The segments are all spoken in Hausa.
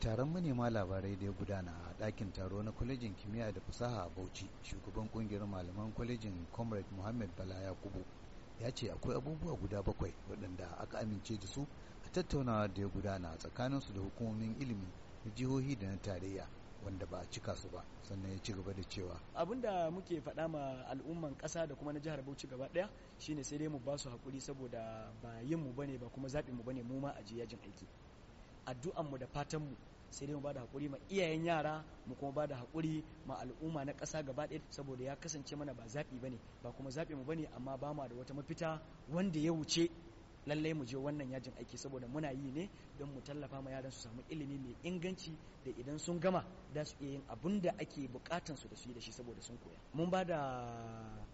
taron manema labarai da ya gudana a dakin taro na kwalejin kimiyya da fasaha a bauchi shugaban kungiyar malaman kwalejin comrade muhammad bala yakubu ya ce akwai abubuwa guda bakwai waɗanda aka amince da su a tattaunawa da ya gudana tsakanin su da hukumomin ilimi na jihohi da na tarayya wanda ba a cika su ba sannan ya ci gaba da cewa abin da muke faɗa ma al'umman ƙasa da kuma na jihar Bauchi gaba ɗaya shine sai dai mu basu su hakuri saboda ba yin mu bane ba kuma zaɓin mu bane mu ma a je yajin aiki addu'anmu da fatanmu sai dai mu da haƙuri ma iyayen yara mu kuma ba da haƙuri ma al'umma na ƙasa gaba ɗaya saboda ya kasance mana ba zaɓi ba ne ba kuma zaɓi mu ba ne amma ba mu da wata mafita wanda ya wuce lallai mu je wannan yajin aiki saboda muna yi ne don mu tallafa ma yaran su samu ilimi mai inganci da idan sun gama da su yin abun da ake bukatan su da su yi da shi saboda sun koya mun ba da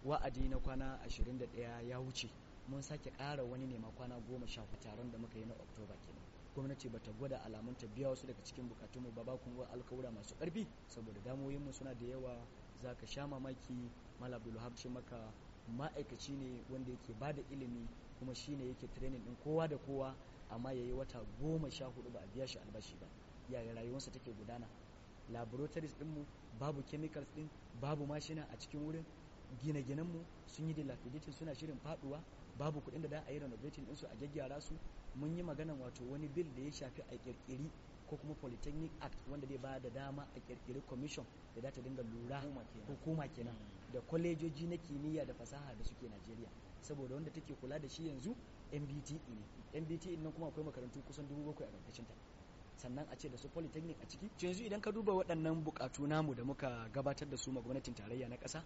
wa'adi na kwana 21 ya wuce mun sake ƙara wani ne ma kwana goma sha taron da muka yi na oktoba kenan gwamnati bata gwada alamun ta biya wasu daga cikin bukatun mu ba ba kuma alkawura masu karfi saboda damoyin mu suna da yawa zaka sha mamaki malam abdulhab maka ma'aikaci ne wanda yake ba da ilimi kuma shine yake training ɗin kowa da kowa amma yayi wata goma sha hudu ba a biya shi albashi ba yaya rayuwarsa take gudana laboratories mu babu chemicals ɗin babu mashina a cikin wurin gine mu sun yi dilapidated suna shirin faduwa babu kuɗin da za a yi renovating su a gyaggyara su mun yi maganan wato wani bill da ya shafi a kirkiri ko kuma polytechnic act wanda zai ba da dama a kirkiri commission da za ta dinga lura hukuma kenan mm. da kwalejoji na kimiyya da fasaha da suke najeriya saboda wanda take kula da shi yanzu mbte ne mbte nan kuma akwai makarantu kusan dubu bakwai a ta sannan a ce da su polytechnic a ciki yanzu idan ka duba waɗannan buƙatu namu da muka gabatar da su ma gwamnatin tarayya na ƙasa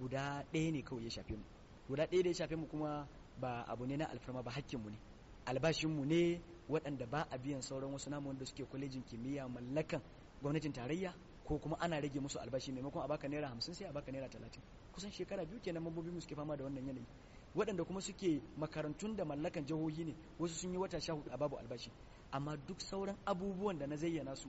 guda ɗaya ne kawai ya shafe mu guda ɗaya da ya shafe mu kuma ba abu ne na alfarma ba hakkinmu ne albashinmu ne waɗanda ba a biyan sauran wasu namu wanda suke kwalejin kimiyya mallakan gwamnatin tarayya ko kuma ana rage musu albashi maimakon a baka naira hamsin sai a baka naira talatin kusan shekara biyu kenan mambobin mu suke fama da wannan yanayi waɗanda kuma suke makarantun da mallakan jihohi ne wasu sun yi wata sha hudu a babu albashi amma duk sauran abubuwan da na zayyana su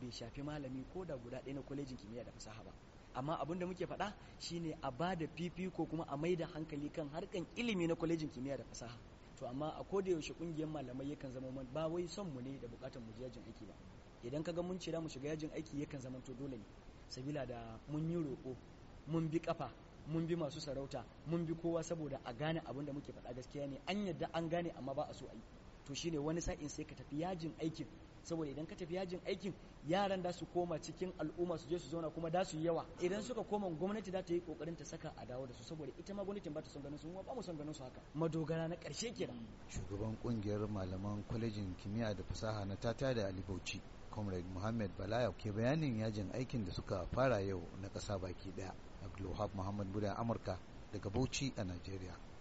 bai shafi malami ko da guda ɗaya na kwalejin kimiyya da fasaha ba amma abin da muke faɗa shine a ba da fifiko kuma a mai da hankali kan harkan ilimi na kwalejin kimiyya da fasaha to amma a koda yaushe kungiyar malamai yakan zama man ba wai son mu ne da bukatar mu yajin aiki ba idan ka ga mun cira mu shiga yajin aiki yakan zama to dole ne sabila da mun yi roƙo mun bi kafa mun bi masu sarauta mun bi kowa saboda a gane abin da muke faɗa gaskiya ne an yadda an gane amma ba a so a yi to shine wani sa'in sai ka tafi yajin aikin saboda idan ka tafi yajin aikin yaran da su koma cikin al'umma su je su zauna kuma da su yi yawa idan suka koma gwamnati za ta yi kokarin ta saka a dawo da su saboda ita ma gwamnatin ba ta son ganin su ba mu son ganin su haka madogara na karshe kenan shugaban kungiyar malaman kwalejin kimiyya da fasaha na tata da Ali Bauchi Comrade Muhammad Balaya ke bayanin yajin aikin da suka fara yau na kasa baki daya Abdulwahab Muhammad Buda Amurka daga Bauchi a Najeriya